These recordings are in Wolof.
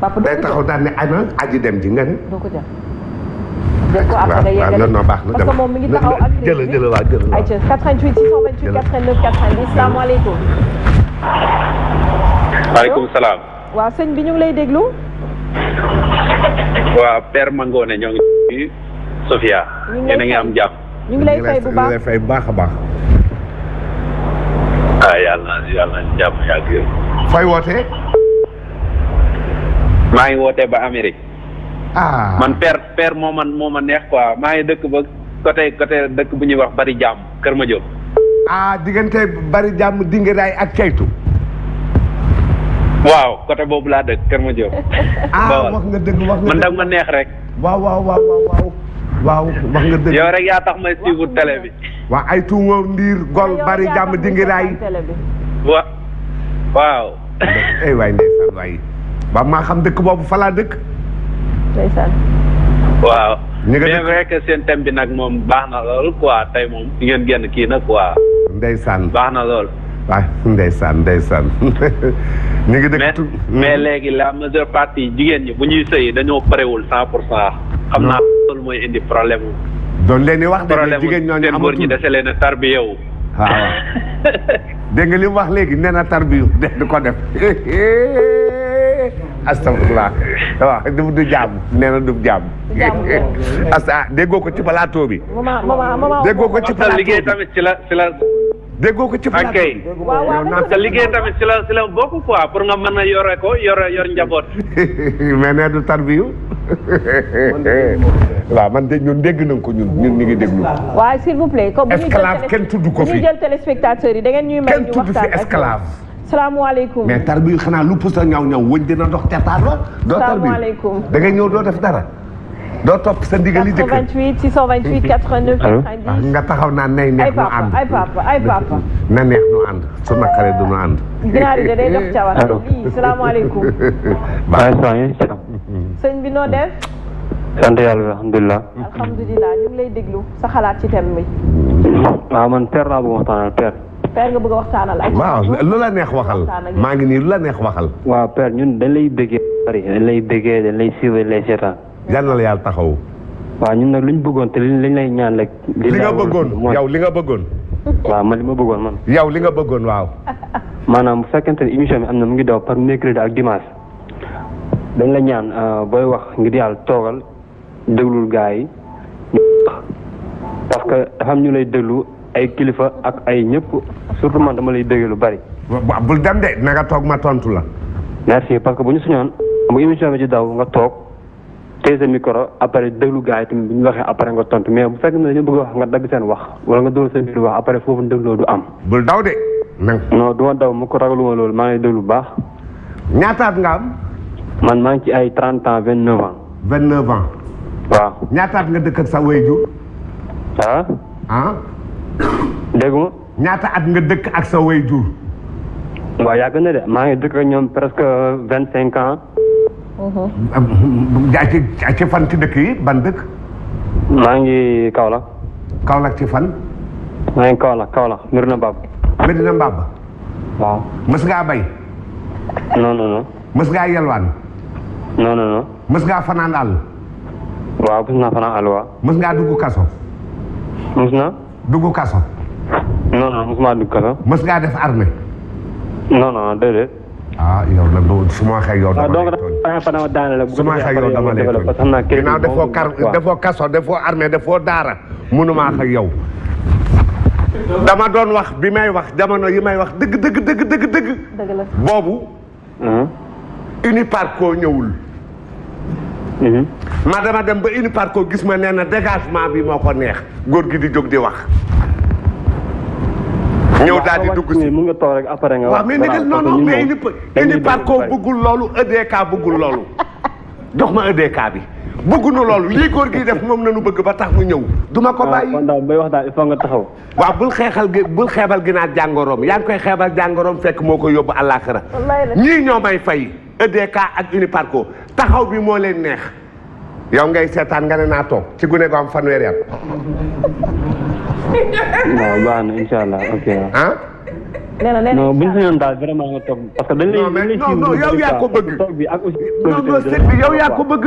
papa day taxaw daal ne ana aji dem ji nga ne. doo ko jàpp doo ko après day yeggali parce que moom mi ngi taxaw ak. jëlal jëlal waaw jëlal waaw ayca 88 628 89 90 salaamaaleykum. maaleykum salaam. waaw sëñ bi ñu ngi lay déglu. waaw Père Mangone ñoo ngi fi Sofia. ñu ngi lay yéen a ngi am jàpp. ñu ngi lay fay bu baax ñu ngi lay fay bu baax a baax. ah yàlla yàlla jàmm yàgg. fay wootee. maa ngi wootee ba Amérique. ah man père père moo man moom ma neex quoi maa ngi dëkk ba côté côté dëkk bu ñuy wax bari jàmm Kër Madiop. ah diggante bari jàmm dingaraay ak caytu. waaw côté boobu laa dëkk Kër Madiop. ah wax nga dëgg wax man dag ma neex rek. waaw waaw waaw waaw. wax nga dëgg yow rek yaa tax may suivre télé bi. waa ay tuuma ndiir gol ah, bari jàmm dingaraay. wa waaw. Eh, ba maa xam dëkk boobu fa laa dëkk. waaw. ñu ngi vrai que seen thème bi nag moom baax na lool quoi tey moom ngeen génn kii nag quoi. ndeysaan baax na lool. waaw ndeysaan ndeysaan ñu ngi dëkk. mais léegi la majeure partie jigéen ñi bu ñuy sëyi dañoo parewul cent pour cent. xam naa loolu mooy indi problème mu. leen di wax de jigéen ñooñu amatul problème mu seen góor ñi dese leen a tarbiya ah. dégg nga li wax léegi nee na tarbiyu de du ko def. astafurlah waaw du du jàmm nee na du jàmm. asta ah, déggoo ko ci plateau bi. déggoo ko ci plateau bi liggéey tamit ci déggoo ko ci plateau bi ok liggéey tamit ci la ci la bokk quoi pour nga mën a yore ko yore yor njaboot. mais nee du tarbiyu. waaw man de ñun dégg nañ ko ñun ñun ñu ngi déglu. waaw s'il vous plaît. comme bu ñu jël esclave kenn tudd ko fi. bu ñu ñuy may ñu waxtaan kenn tudd fi salaamaaleykum mais tar bi xanaa lu pus la ñaw ñaw wëñ dina dox te taar la doo tar bi da ngay ñëw doo def dara doo topp sa ndigali jëkk 88 628 89 90 nga taxaw naan nay neex nu ànd ay papa ay papa na neex nu ànd su nakare du nu ànd ginaar yi da day dox cawar i salaamaaleykum sëñ bi noo def sant yàlla alhamdulilah alhamdulilah ñu ngi lay déglu sa xalaat ci thème bi waaw man père laa bu waxtaanal père père nga bëgg a waxtaanal ay. waaw lu la neex waxal maa ngi nii lu la neex waxal. waaw père ñun dañ lay bëggee. dañ lay bëggee dañ lay suivre les seetaan. yal na la yàlla taxaw. waaw ñun nag lu ñu bëggoon te lañ lay ñaan rek. li nga bëggoon yow li nga bëggoon. waaw man li ma bëggoon man. yow li nga bëggoon waaw. maanaam bu fekkente ne émission bi am na mu ngi daw par mercredi ak dimanche. dañ la ñaan euh, booy wax ngir yàlla toogal déglul gaa yi. parce ay kilifa ak ay ñëpp surtout man dama lay dégg lu bari. bul dem de na nga toog ma tontu la. merci parce que bu ñu suñoon bu émission bi ci daw nga toog te sa micro après déglu gars yi bu ñu waxee après nga tontu mais bu fekk fekkee ne dañu bëgg wax nga dagg seen wax wala nga dóor seen biir wax après foofu dégloo du am. bul daw de. non du ma daw mu ko ragaluma loolu maa ngi lay déglu bu baax. ñaataat nga am. man maa ngi ci ay trente ans vingt neuf ans. vingt waaw. ñaataat nga dëkk ak sa dégg nga. ñaata at nga dëkk ak sa way jur. waaw yàgg na maa ngi dëkk ñoom presque vingt cinq ans. Uh-huh. ci fan ci dëkk yi ban dëkk. maa ngi Kaolack. Kaolack ci fan. maa ngi Kaolack Kaolack Medina Mbaba. Medina Mbaba. waaw. mës ngaa bay. non non non. mës ngaa yelwaan. non non non. mës ngaa fanaan àll. waaw mës naa fanaan àll kaso. mës na. dugg kaso. non non mosuma dugg kaso. def armée. non non déedéet. ah yow nag daara mënuma ak yow. dama doon wax bi may wax jamono yi may wax dëgg dëgg hmm? ñëwul. Mhm. ma dama dem ba une part gis ma nee na dégagement bi moo ko neex góor gi di jóg di wax. ñëw daal di dugg si mu nga toog rek après nga. waaw mais nag non non mais une part ko bëggul loolu EDK bëggul loolu. dox ma EDK bi. bëgguñu loolu lii góor gi def moom nañu bëgg ba tax mu ñëw. du ma ko ah, bàyyi waaw wax daal i faut nga taxaw. waaw bul xeexal gi bul xeebal ginaar jàngoroom yaa ngi koy xeebal jàngoroom fekk moo ko yóbbu àllaaxira ñii ñoo may fay. EDK ak Uniparco taxaw bi moo leen neex yow ngay seetaan nga ne naa toog ci gune ko am fanweeri at. waaw baax na incha allah ok. ah. nee na nee na non bu ñu sañoon daal vraiment nga toog parce que dañ lay dañ lay non non yow yaa ko bëgg. toog bi ak aussi non non sëñ bi yow yaa ko bëgg.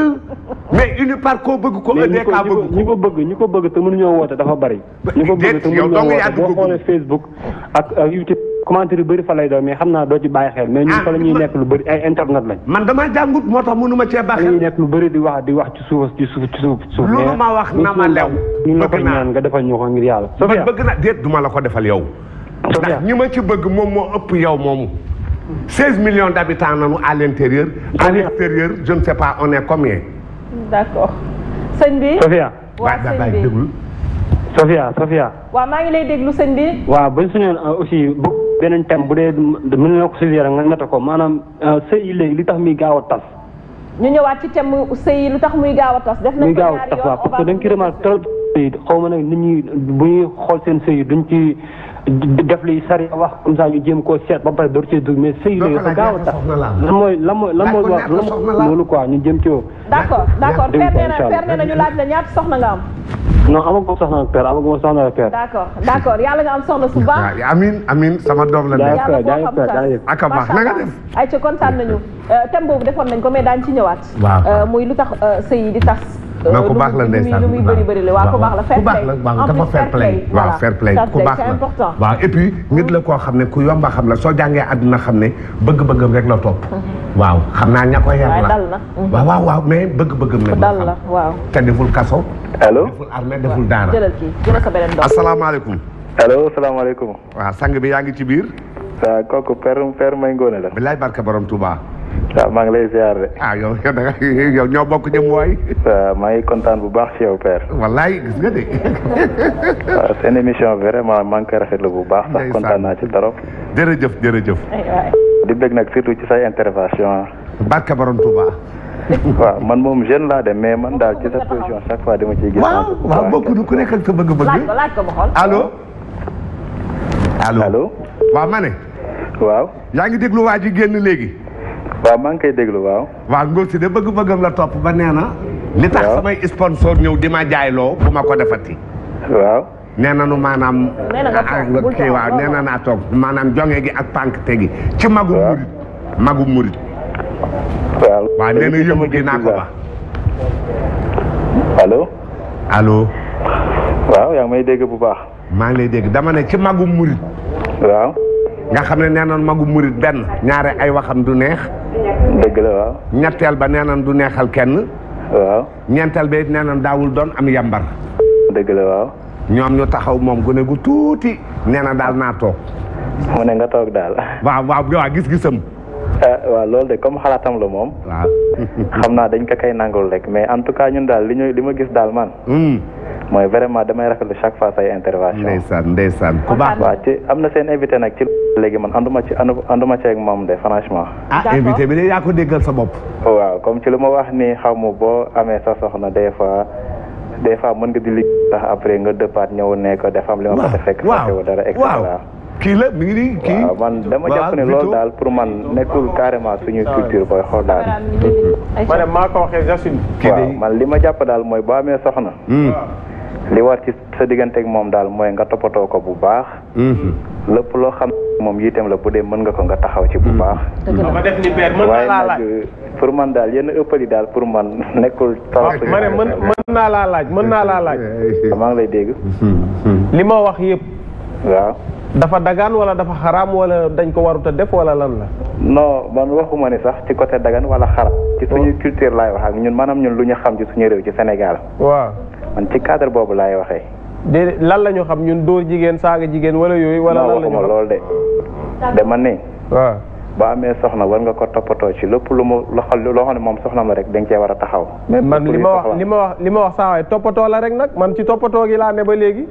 mais Uniparco bëgg ko EDK bëgg. ñi ko bëgg ñi ko bëgg te mënuñoo woote dafa bari. ñi ko bëgg te mënuñoo woote boo xoolee Facebook ak ak YouTube. commentaire yu bëri fa lay doon mais xam naa doo ci bàyyi xel mais ñun ah, fa la ñuy nekk lu bëri ay internet lañ man damaa jàngut moo tax mënuma cee baax xel ñuy lu bëri di wax di wax ci suuf ci suuf ci suuf suuf lu ma wax na ma lew ñu la ko ñaan nga defal ñu ko ngir yàlla man bëgg na déet du ma la ko defal yow ndax ñi ma ci bëgg moom moo ëpp yow moomu 16 million d'habitants nanu à l'intérieur à l'extérieur je ne sais pas on est combien d'accord sëñ waa sëñ Safia Safia. waaw maa ngi lay déglu sëñ bi. waaw bañ suñu euh, aussi bu beneen thème bu dee mën na ko suivre nga te ko maanaam euh, sëy yi li tax muy gaaw a tas. ñu ñëwaat ci thème mu sëy lu tax muy gaaw a tas. def nañ ko ñaari yoon muy gaaw a tas waaw parce que dañ ci remarque trop sëy xaw ma nag nit ñi bu ñuy xool seen sëy yi duñ ci. def luy sari wax comme ça ñu jéem koo seet ba pare door mais sëy a mooy lan mooy lan mooy wax loolu quoi ñu jéem ci woo d'accord d'accord père nee na ñu laaj la ñaata soxna nga am non amaguma soxna ak père amaguma soxna ak yàlla nga am soxna su baax amin amin sama doom la nekk ak a baax na nga ay ci kontaan nañu euh, thème boobu defoon nañ ko mais daañ ci ñëwaat euh, muy lu tax euh, sëy yi di tas non ku baax la ndeysaan lu muy bëri bëri la waaw ku baax la fair play waaw dafa fair play waaw fair play ku baax la waaw et puis nit la koo xam ne ku yomba xam la soo jàngee àdduna xam ne bëgg-bëggam rek la topp mhm. waaw xam naa ña ko yar la waaw waaw waaw mais bëgg-bëggam la dal la waaw te deful kaso allo deful armée deful daara jëlal kii jëlal sa beneen doom asalaamaaleykum allo salaamaaleykum waaw sang bi yaa ngi ci biir waaw ah, kooku père père may ngoone la bilaay barke borom Touba waaw maa ngi lay ziar de. ah yow yow ñoo bokk ñoom waay. waaw maa ngi kontaan bu baax ci yow père. wallaay gis nga de. seen émission vraiment maa ngi koy rafetlu bu baax. sax kontaan naa ci trop. jërëjëf jërëjëf. di bëgg nag surtout ci say intervention barka Borom Touba. waaw man moom jeune laa de mais man daal ci sa position chaque fois dama ciy gis. waaw waaw bokk du ku nekk ak sa bëgg-bëgg. laaj ko laaj ko waaw yaa ngi déglu waa ji génn léegi. waaw maa ngi koy déglu waaw. waaw Ngor si de bëgg-bëggam la topp ba nee na. li tax samay sponsor ñëw di ma jaayloo bu ma ko defati. waaw. nee na nu maanaam. nee na ah, naa toog maanaam jonge gi ak pànk te gi. ci magu murit magu murit. waaw waaw nee na naa ko ba. allo. allo. waaw yaa may dégg bu baax. maa ngi lay dégg dama ne ci magu murit. waaw. nga xam ne nee nañ magu murit benn ñaare ay waxam du neex. dëgg la waaw. ñetteel ba nee nañ du neexal kenn. waaw. ñeenteel ba it nee daawul doon am yambar. dëgg ñoom ñu taxaw moom gune gu tuuti nee na daal naa toog. mu ne nga toog daal. waaw waaw waaw gis-gisam. Ah, waaw loolu de comme xalaatam la moom. waaw. xam naa dañ ko kay nangul rek mais en tout cas ñun daal li ñu li ma gis daal man. Hmm. mooy vraiment damay rafetlu chaque fois say intervention. ndeysaan ndeysaan ku baax. waaw ci am na seen invité nag ci. léegi man ànduma ci ànduma ci ak moom de franchement. ah invité bi de yaa ko déggal sa bopp. waaw comme ci lu ma wax ni xaw ma boo amee sa soxna des mën nga di liggéey tax dëppaat ñëw nekk dafa li ma ko fekk. waaw dara et cetera. kii la mi ngi nii kii waaw man dama jàpp ne loolu daal pour man nekkul carrément suñuy culture booy xool daal. ma ne maa ko waxee man li ma jàpp daal mooy boo amee soxna. Hmm. li war ci sa digganteeg moom daal mooy nga toppatoo ko bu baax. Mhm. lëpp loo xam moom itam la bu dee mën nga ko nga taxaw ci bu mhm. baax. waaye nag pour man daal yenn ëppal yi daal pour man nekkul. trop ma ne mën mën naa laa laaj mën naa laa laaj. maa ngi lay dégg. Mhm. li ma wax yëpp. waaw. dafa dagaan wala dafa xaraam wala dañ ko warut def wala lan la. non man waxuma ni sax ci côté dagaan wala xaraam. ci suñu oh. culture laay wax ak ñun maanaam ñun lu ñu xam ci suñu réew ci Sénégal. waaw. man ci cadre boobu laay waxee. déedéet lan la ñu xam ñun dóor jigéen saaga jigéen wala yooyu. wala lan la ñu xam loolu de. dama ni. waaw boo amee soxna war nga ko toppatoo ci lépp lu mu loo xam ne moom soxna ma rek da cee war a taxaw. mais man li ma wax li ma wax li ma wax saa waay toppatoo la rek nag man ci toppatoo gi laa ne ba léegi.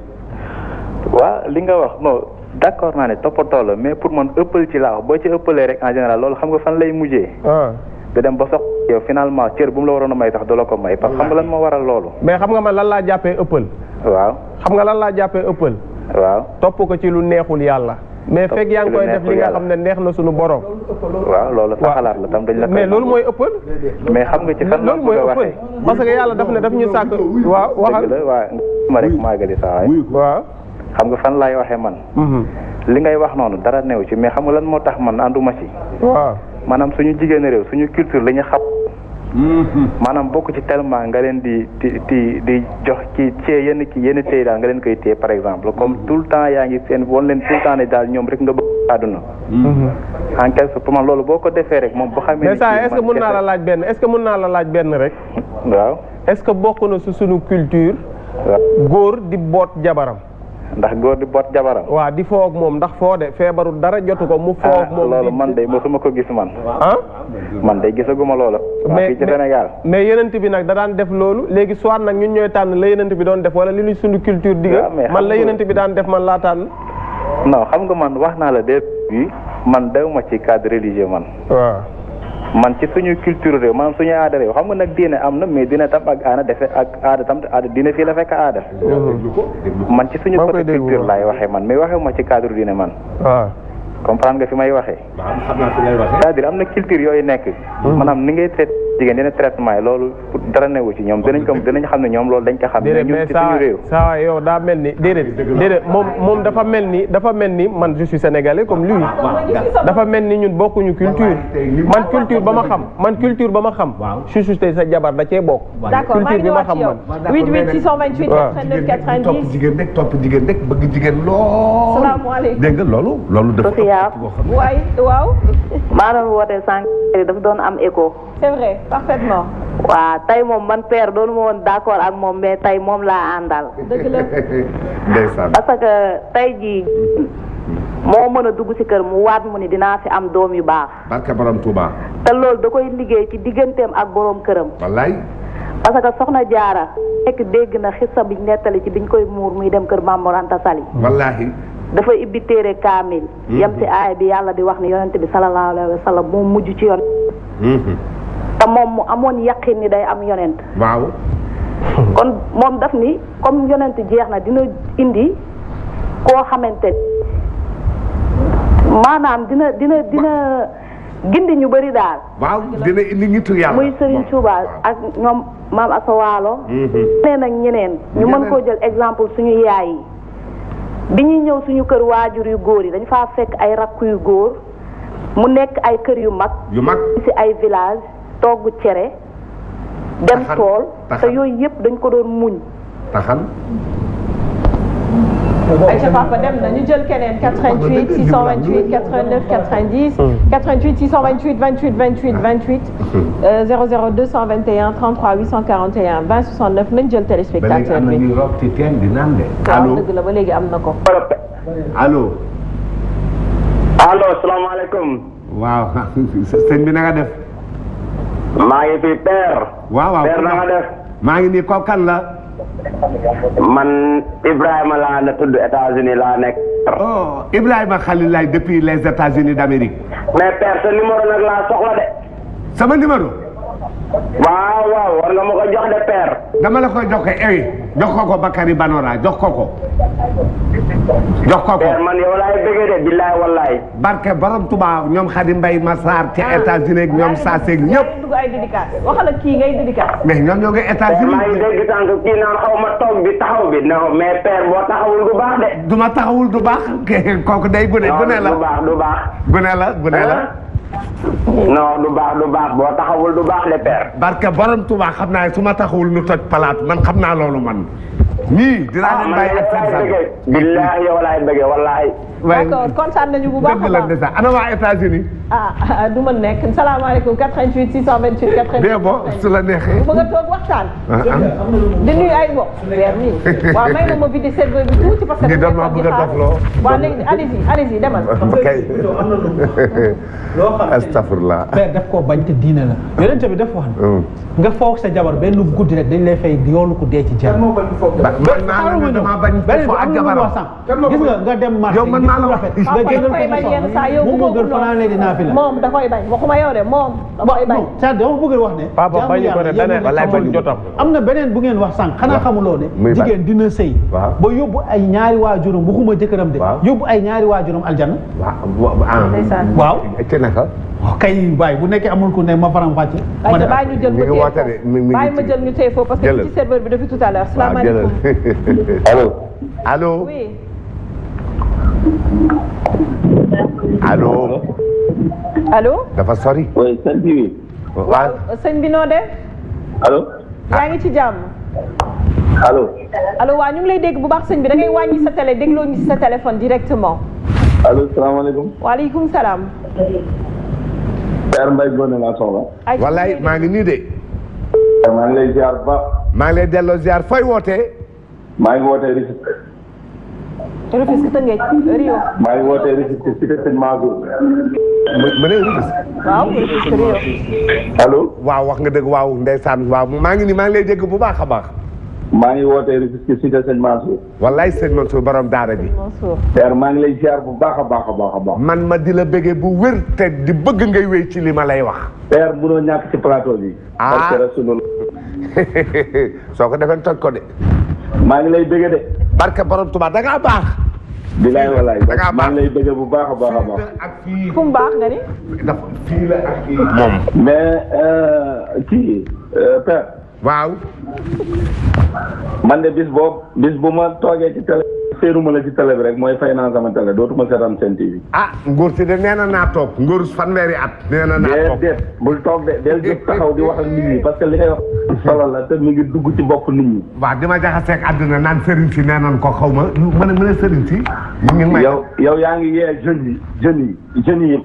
waaw li nga wax non d'accord naa ne toppatoo la mais pour man ëppal ci laa wax boo ci ëppalee rek en général loolu xam nga fan lay mujjee. Ah. nga dem ba sox yow finalement cër bu mu la waroon a may tax du la ko may. parce que xam nga lan moo waral loolu. mais xam nga man lan laa jàppee ëppal. waaw xam nga lan laa jàppee ëppal. waaw topp ko ci lu neexul yàlla. mais fekk yaa ngi koy def li nga xam ne neex na suñu borom. waaw loolu sa xalaat la tam dañ la. mais loolu mooy ëppal. mais xam nga ci fan la ko waxee parce que yàlla daf ne daf ñu sàkk. waaw waxal dëgg la waaw ma rek maagali saa xam nga fan laay waxee man. Mhm. li ngay wax noonu dara néew ci mais xam nga lan moo tax man ànduma ci. waaw maanaam suñu jigéen réew suñu culture la ñu xam. Mm-hmm. maanaam bokk ci tellement nga leen di di di di jox ci ce yenn ki yenn tey daal nga leen koy téye par exemple comme mm-hmm. tout le temps yaa ngi seen woon leen tout le temps ne daal ñoom rek nga bëgg àdduna. Mm-hmm. en quelque sorte man loolu boo ko defee rek moom boo xamee. mais ça est-ce que mën naa la laaj benn est-ce que mën naa la laaj benn rek. waaw est-ce que bokk na su suñu culture. góor di boot jabaram. ndax goor di bot jabaram waaw di foog moom ndax foo de feebarul dara jotu ko mu foog ah, moom loolu man day mosuma ko gis man ah man day gisaguma loolu mais fii Sénégal mais yenent bi nag da daan def loolu léegi soit nag ñun ñooy tànn la yenent bi doon def wala li ñu suñu culture diga ah, man la yenent bi daan def man laa tànn non xam nga man wax naa la dee man dew ma ci cadre religieux man waaw man ci suñu culture réew maanaam suñu aada réew xam nga nag diine am na mais dina tam ak aana defe ak aada tam aada diine fii la fekk aada man ci suñu côté culture laay waxee man mais waxee ma ci cadre diine man ah. comprendre nga fi may waxee. waaw xam am na culture yooyu nekk. Hmm. maanaam ni ngay traité jigéen yenn traitement yi loolu pour dara newu ci ñoom dinañ ko dinañ xam ne ñoom loolu dañ ko xam. ne ñun ci suñu réew saa waay yow daa mel ni déedéet. déedéet moom moom dafa mel ni dafa mel ni man je suis sénégalais comme lui. dafa mel ni ñun bokkuñu culture. man culture ba ma xam man culture ba ma xam. waaw su su tey sa jabar da cee bokk. d'accord maa ngi wax ci yow culture bi ma xam man. waaw waaye waaw. maanaam woote sànq dafa doon am écho. c'est vrai parfaitement. waaw tey moom man per doonu ma woon d'accord ak moom mais tey moom laa àndal. parce que tey jii. moo mën a dugg ci kër mu waat mu ni dinaa fi am doom yu baax. barke te loolu da koy liggéey ci digganteem ak borom këram. wallaay. parce que soxna jaara nekk dégg na xissa biñ nettali ci biñ koy muur muy dem kër Maam Mor Anta dafa ibbi téere kaamil. Hmm. yem si aay bi yàlla di wax ni yonent bi salallaahu alayhi wa sallam moom mujj ci yoon. Hmm. te moom mu amoon yaqin ni day am yonent. waaw. kon moom daf ni comme yonent jeex na dina indi koo xamante maanaam dina dina dina. gindi ñu bari daal. waaw dina indi nitu yàlla muy Serigne Touba ak ñoom maam Asa Waalo. ñeneen hmm. ak ñeneen. ñu mën koo jël exemple suñu yaay bi ñuy ñëw suñu kër waajur yu góor yi dañ faa fekk ay rakk yu góor mu nekk ay kër yu mag. yu mag ci ay village togg cere. dem tool te yooyu yëpp dañ ko doon muñ. taxan ayca papa dem na ñu jël keneen 88 628 89 90. 88 628 28 28 28. 00 221 33 841 20 69 nañ jël téléspectateur bi. ba léegi am na ñuy rob ci teen di naan de. allo waaw dëgg la ba léegi am na ko. allo. allo salaamaaleykum. waaw sëñ bi na nga def. maa ngi fi père. waaw waaw père na nga def. maa ngi nii kooku kan la. man Ibrahima laa la tudd États-Unis laa nekk. oh Ibrahima Khalil laay depuis les États-Unis d'Amérique. mais père sa numéro nag laa soxla de. sama waaw waaw war nga ma ko jox de père. dama la koy jox ko ko Bakary Banora jox ko ko. jox ko ko père man yow laay bëggee barke borom Touba ñoom Khady Mbaye Massar ci États-Unis ñoom ah, Sasek ñëpp. waxal ak kii ngay ñoom ñoo ngi États-Unis. maa ngi dégg kii naan xaw ma toog bi taxaw bi non mais père boo taxawul du baax de. du ma taxawul du la du baax du baax. gune la gune la. non du baax du baax boo taxawul du baax le père. barke borom Tuubaa xam naa su ma taxawul nu toj palaat man xam naa loolu man. nii dinaa ah, leen bàyyi ak seen. ah man yow laay bëggee billahi yow laay bëggee wallahi d'accord kontaan nañu bu baax a baax dëgg la ana waa États-Unis ah, ah du ma nekk salaamaaleykum 88 628 88. bien bon su la neexee. bëgg a toog waxtaan. Ah, ah. di nuyu ay mbokk. weer nii waaw may na ma bi di serveur bi tuuti parce que. ñu doon ma bëgg a dofloo. waaw léegi allez-y allez-y demal. kay astafurlah. père daf koo bañ te diine la. yonent bi daf wax ne. Hmm. nga foog sa jabar benn guddi rek dañ lay fay yoonu ku dee ci jabar. man naa la ne damaa bañ. foofu ak jabaram gis nga nga dem marché naa la rafet. da gën moom da koy bañ waxuma yow de moom. da koy bañ dama bëgg wax ne. papa bañu ko ne am na beneen bu ngeen wax sànq xanaa xamuloo ne. jigéen dina sëy ba yóbbu ay ñaari waajuram waxuma jëkkëram de. yóbbu ay ñaari waajuram aljanna. waaw te ah. naka. Oh, kay baay bu nekkee amul ku ne ma faram fàcce. ma ne bàyyi ñu jël ma téye foofu bàyyi ma jël ñu téye foofu parce que ci serveur bi depuis tout à l'heure salaamaaleykum allo allo oui allo. allo. dafa sori. oui sëñ bi. waaw sëñ bi noo def. allo. yaa ngi ci jàmm. allo. allo waa ñu ngi lay dégg bu baax sëñ bi da ngay wàññi sa télé dégloo ñu si sa téléphone directement. allo salaamaaleykum. waaleykum salaam. Père Mbaye Ngoné laa soxla. wallaay maa ngi nii de. maa ngi lay ziar ba. maa ngi lay delloo ziar fooy wootee. maa ngi wootee Rufisque. Rufisque Tëngéej Rio. maa wootee Rufisque cité waaw wax nga dëgg waaw ndeysaan waaw maa ngi nii maa lay dégg bu baax a baax. maa ngi wootee Rufisque cité Sëñ Mansour. wallaay sëñ Mansour borom daara bi. Père maa ngi lay ziar bu baax a baax a baax man ma di la bëggee bu wér te di bëgg ngay wéy ci li ma lay wax. Père munoo ñàkk ci plateau bi. ah soo ko defee toj ko de. ngi lay bëggee de. barke borom Tuubaa da ngaa baax. bilaay walaay da lay bëgg bu baax a baax a baax. fu baax nga ni. dafa fii la ak euh, euh, waaw. man de bis boobu bis bu ma toogee séenuma la ci télé rek mooy fay naa sama télé dootuma seetaan seen TV. ah ngóor de nee na naa toog ngóor fanweeri at. nee naa toog déet bul toog de del jóg taxaw di wax ak nit ñi parce que li ngay wax la te mi ngi dugg ci bopp nit ñi. waaw dima jaxaseeg àddina naan sëriñ si nee nañ ko xaw ma mën a mën a sëriñ si. mu ngi may yow yow yaa ngi yee jeunes yi jeunes yi jeunes yi.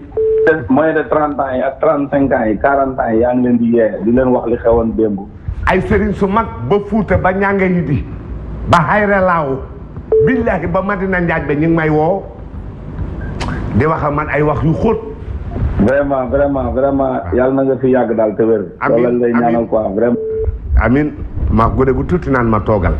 moins de trente ans yi ak trente cinq ans yi quarante ans yi yaa leen di yee di leen wax li xewoon démb. ay sëriñ su mag ba fuuta ba ñànga yi di ba xayre billaahi ba Madina Njaaj ba ñu ngi may woo di wax man ay wax yu xóot vraiment vraiment vraiment yàlla na nga fi yàgg daal te wér. amiin loolu lay ñaanal maa gone gu tuuti naan ma toogal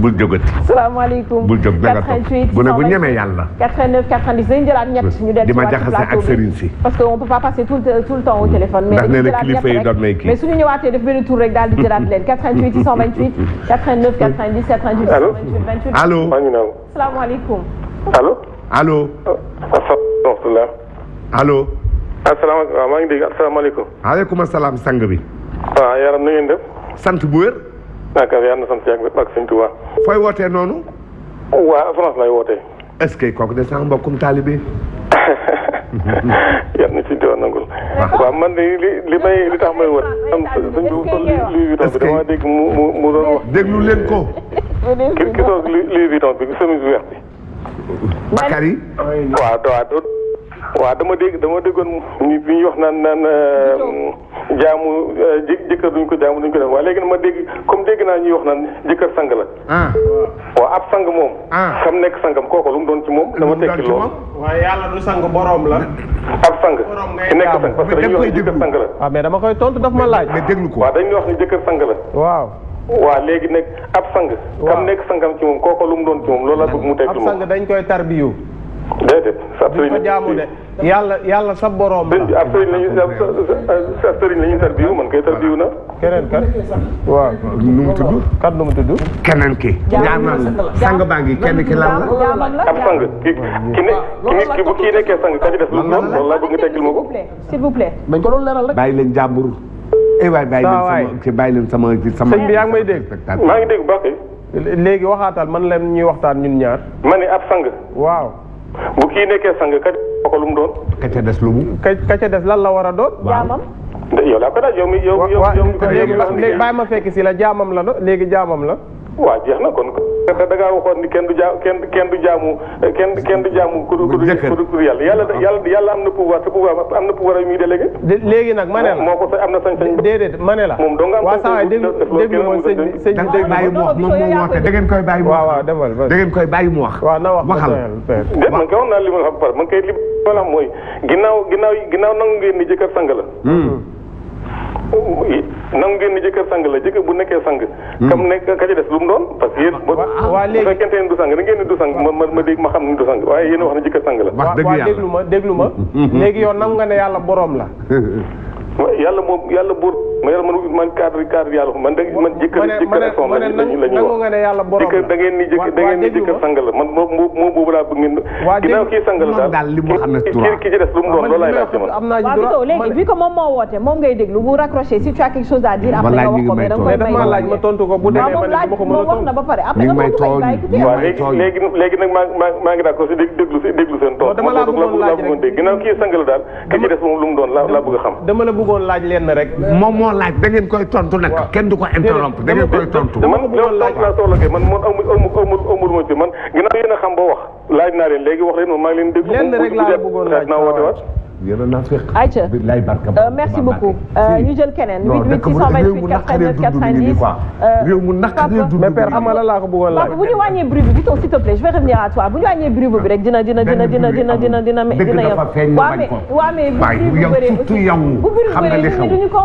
bul jógati. salaamaaleykum bul jóg danga toog gone gu ñemee yàlla. 89 90 dañu jëlaat ñett ñu dellu ci wàllu plateau bi di ma jaxase ak sëriñ si. parce que on peut pas passer tout tout le temps au téléphone. mais dañu jëlaat ñett rek mais suñu ñëwaatee def benn tour rek daal di jëlaat leen 88 628 89 90 88. allo 28 28. allo maa ngi naan. salaamaaleykum. allo. allo. asalaamaaleykum. allo. asalaamaaleykum waaw maa ngi dégg asalaamaaleykum. waaleykum salaam sang bi. waaw yaram na ngeen def. sant bu wér. naakaar yàlla na sant yàlla ak sëñ Tuubaa. fooy wootee noonu. waa France lay wootee. est-ce que kooku de sax mbokkum taalibe. yàlla na ci doon nangul. a man de li li may li tax may wër. am sëñ bi sol Louis Vuitton bi dama dégg mu mu mu doon wax. déglu leen ko. ki ki soog Louis Vuitton bi chemise bu weex bi. Bakary. waaw waaw dama dégg dama déggoon ñu ñuy wax naan naan. jaamu euh, jëkkër duñ ko jaamu duñ ko def waaye léegi nag ma dégg comme dégg naa ñuy wax naan jëkkër sang la. Ah. waaw ab sang moom. Ah. xam nekk sangam kooku lu mu doon ci moom. dama tekki loolu. waaye yàlla du sang borom la. ab sang nekk sang parce que dañuy wax la. waaw ah, mais dama koy tontu ma laaj. mais déglu ko waaw dañuy wax ni jëkkër sang la. waaw. waaw léegi nag ab sang. waaw kam nekk sangam ci moom kooku lu mu doon ci moom loolu laa bëgg mu tekki moom. ab sang dañ koy tarbiyu déedéet sa sëriñ ko yàlla yàlla sa borom la. ab sëriñ la ñuy sa la ñuy tarbiyu man kay tarbiyu na. keneen kan waaw. nu kan nu mu tudd. keneen ki. jaaman la sang baa ngi kenn ki lan la. ab sang ki ki ne ki bu kii nekkee sang ka def. lan lan la bëgg nga ko. s'il vous ko doon leeral rek. bàyyi leen jàmbur. eh waay bàyyi leen sama bàyyi leen sama sama. sëñ bi yaa ngi may dégg. maa ngi dégg bu baax léegi waxaatal man leen ñuy waxtaan ñun ñaar. ma ne ab sang. waaw. bu kii nekkee sang ka ko lu doon. ka ca des lu mu. ka ca des lan la war a doon. jaamam. yow laa mi yow yow mi ko léegi ma fekk si la jaamam la do léegi jaamam la. waaw jeex na kon da ngaa waxoon ni kenn du kenn kenn du jaamu kenn kenn du jaamu. ku ku ku yàlla yàlla yàlla am na pouvoir te pouvoir am na pouvoir yu muy délégué. léegi nag ma ne la moo ko fa am na sañ-sañ. déedéet ma la moom dong am waaw saa waay déglu déglu ma sëñ bi sëñ bi déglu ma moom moom moo woote koy bàyyi mu wax. demal ba koy bàyyi mu wax. waaw na wax waxal déet man kay wax naa li la xam par man kay li ma mooy ginnaaw ginnaaw ginnaaw nangu ngeen ni jëkkër sang la hmm. nangu ngeen ni jëkkër sang la jëkkër bu nekkee sang. Hmm. kam nekk ka ca des lu mu doon parce que yéen. waaw léegi bu fekkente ne du sang da ngeen du sang ma ma dégg ma xam ne du sang waaye yéen wax ne jëkkër sang la. wax dëgg yàlla waaw déglu ma déglu ma. léegi yow nangu nga ne yàlla boroom la. yàlla moom yàlla buur. ma yàlla man man cadre cadre yàlla man da man jëkkër jëkkër ak la man moo moo boobu laa bëgg ngeen ginnaaw kii sang la lu mu doon si tu as quelque après nga wax ko mais da nga koy laaj ma tontu ko bu demee ah, ma a tontu nga ko waaw léegi kii sang la daal ki ci lu mu doon laa bëgg a xam dama la bëggoon laaj leen rek moo laaj da ngeen koy nag. kenn du ko interrompre da ngeen koy tontu. man loolu laaj man man amul amul ma ci man ginnaaw yéen a xam ba wax laaj naa leen léegi wax leen man maa ngi leen dégg. lenn rek laa bëggoon laaj naa woote waat yéen a naan fekk. ayca lay barka euh, ba merci beaucoup. Euh, ñu jël keneen. non dëkk bu réew mu naqaree dund mi ngi nii quoi. Euh, réew mu naqaree dund mais père xamal laa ko bëggoon laaj. bu ñu wàññee bruit bi vite s'il te plaît je vais revenir à toi bu ñu wàññee bruit bi rek dina dina dina dina dina dina dina dina yem. feeñ waaw mais waaw mais bu bruit bu bëree surtout yow xam nga li xew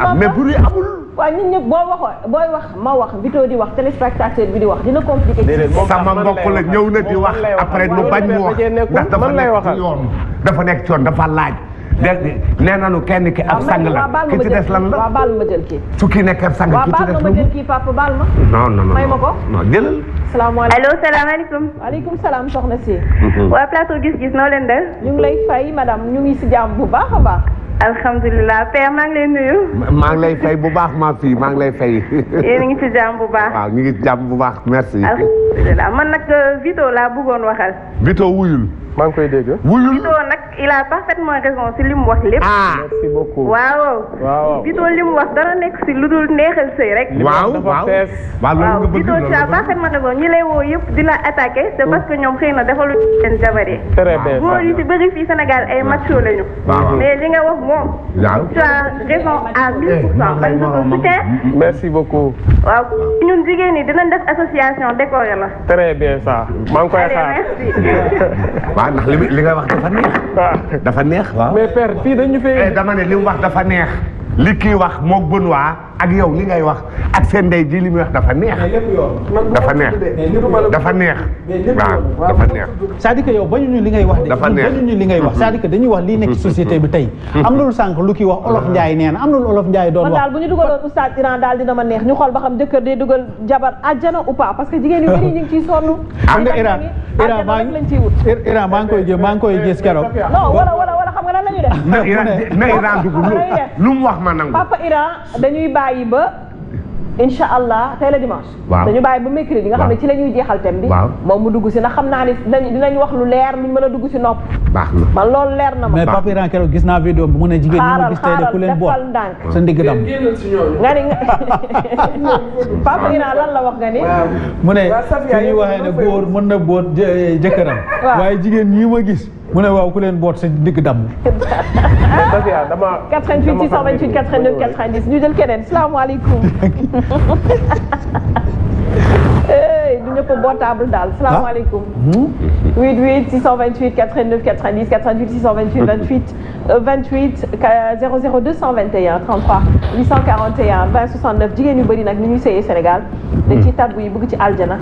ah, mais bruit amul waaw ñun ñëpp boo waxoon booy wax ma wax Vito di wax téléspectateur bi di wax dina compliqué. sama mbokk la ñëw na di wax après nu bañ mu wax ndax dafa nekk ci yoon dafa nekk ci yoon dafa laaj. dégg nee nañu kenn ki ab ah, sang la ki ci des lan la waaw baal ma jël kii su kii nekk ab sang ki ci des lan la waaw baal ma jël kii papa baal ma. non non non may ma ko. non jëlal. salaamaaleykum allo salaamaaleykum. waaleykum salaam soxna si. waa plateau gis-gis noo leen def. ñu ngi lay fay madame ñu ngi si jàmm bu baax a baax. alhamdulilah père maa ngi lay nuyu. maa ngi lay fay bu baax maa fii maa ngi lay fay. yéen a ngi ci jàmm bu baax. waaw ñu ngi ci jàmm bu baax merci. alhamdulilah man nag euh, Vito laa bëggoon waxal. Vito maa ngi koy dégg. wuyul Bitoo nag il a parfaitement raison si li mu wax lépp. Ah. merci beaucoup waaw. waaw Bitoo li mu wax dara nekk si lu dul neexal sëy rek. waaw waaw waaw Bitoo ñi lay woo yëpp di la attaqué c' est parce que ñoom xëy na defalu seen jabar yi. très bien góor yi si bëri fii Sénégal ay macho lañu. mais li nga wax moom. waaw tu as raison à mille pour cent eh, parce que soutien. merci beaucoup. waaw ñun jigéen ñi dinañ def association décoré la. très bien ça maa ngi koy xaar. allez merci. waaw ndax li li nga wax dafa neex. dafa neex waaw. mais père fii dañu fee. dama ne li mu wax dafa neex. li kii wax moo bën waa ak yow li ngay wax ak seen ndey ji li muy wax dafa neex. dafa neex dafa neex. waaw dafa neex. c'est-à-dire que yow bañu ñu li ngay wax de. dafa neex bañu ñu wax dañuy wax lii nekk société bi tey. am na lu sànq lu kii wax olof Ndiaye nee na am na lu olof Ndiaye doon wax. kon daal bu ñu dugaloon oustaz Iran daal dina ma neex ñu xool ba xam jëkkër day dugal jabar àjjana ou parce que jigéen yu bëri ñu ngi ciy sonn. am nga Iran Iran maa ngi koy gis keroog mère Iran mère Iran dugg lu mu wax ma nangu. papa Iran dañuy bàyyi ba. incha allah tey la dimanche. waaw dañu bàyyi ba mercredi nga xam ne ci la ñuy jeexal thème bi. waaw moom mu dugg si ndax xam naa ni dinañ wax lu leer luñ mën a dugg si nopp. baax na man loolu leer na ma. mais Pape Iran keroog gis naa vidéo bi mu ne jigéen ñi ma gis tey de ku leen boot sa ndigg dam nga ni Pape Iran lan la wax nga ni. mu ne su ñuy waxee ne góor mën na boot jëkkëram. waaye jigéen ñi ma gis. mu ne waaw ku leen boot sa digg dàmm. Safia dama. 88 628 89 90 ñu jël keneen salaamaaleykum. du ñëpp bootable daal ah. salaamaaleykum. 88 628 89 90 88 628 28. 28 00 221 33 841 20 69 jigéen yu bëri nag ni ñuy seeyee Sénégal. dañ ciy hmm. tàbbu yi bëgg ci aljana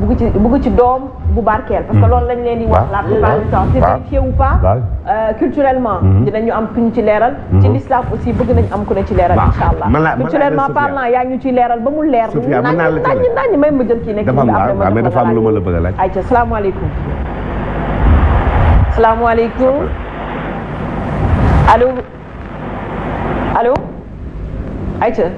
bëgg ci bëgg ci doom bu barkeel. parce que hmm. loolu lañ leen di wax la plupart du temps. c'est vérifié ou pas euh, culturellement. Hmm. dinañu am ku ñu ci leeral. ci l'islam aussi bëgg nañ am ku ne ci leeral. incha allah culturellement parlant yaa ngi ñu ciy leeral ba mu leer. Sophia mën naa la ci leer naan may ma jël kii nekk. dafa am mais dafa am lu ma la bëgg a laaj. ayca salaamaaleykum. salaamaaleykum. allo allo. ayca.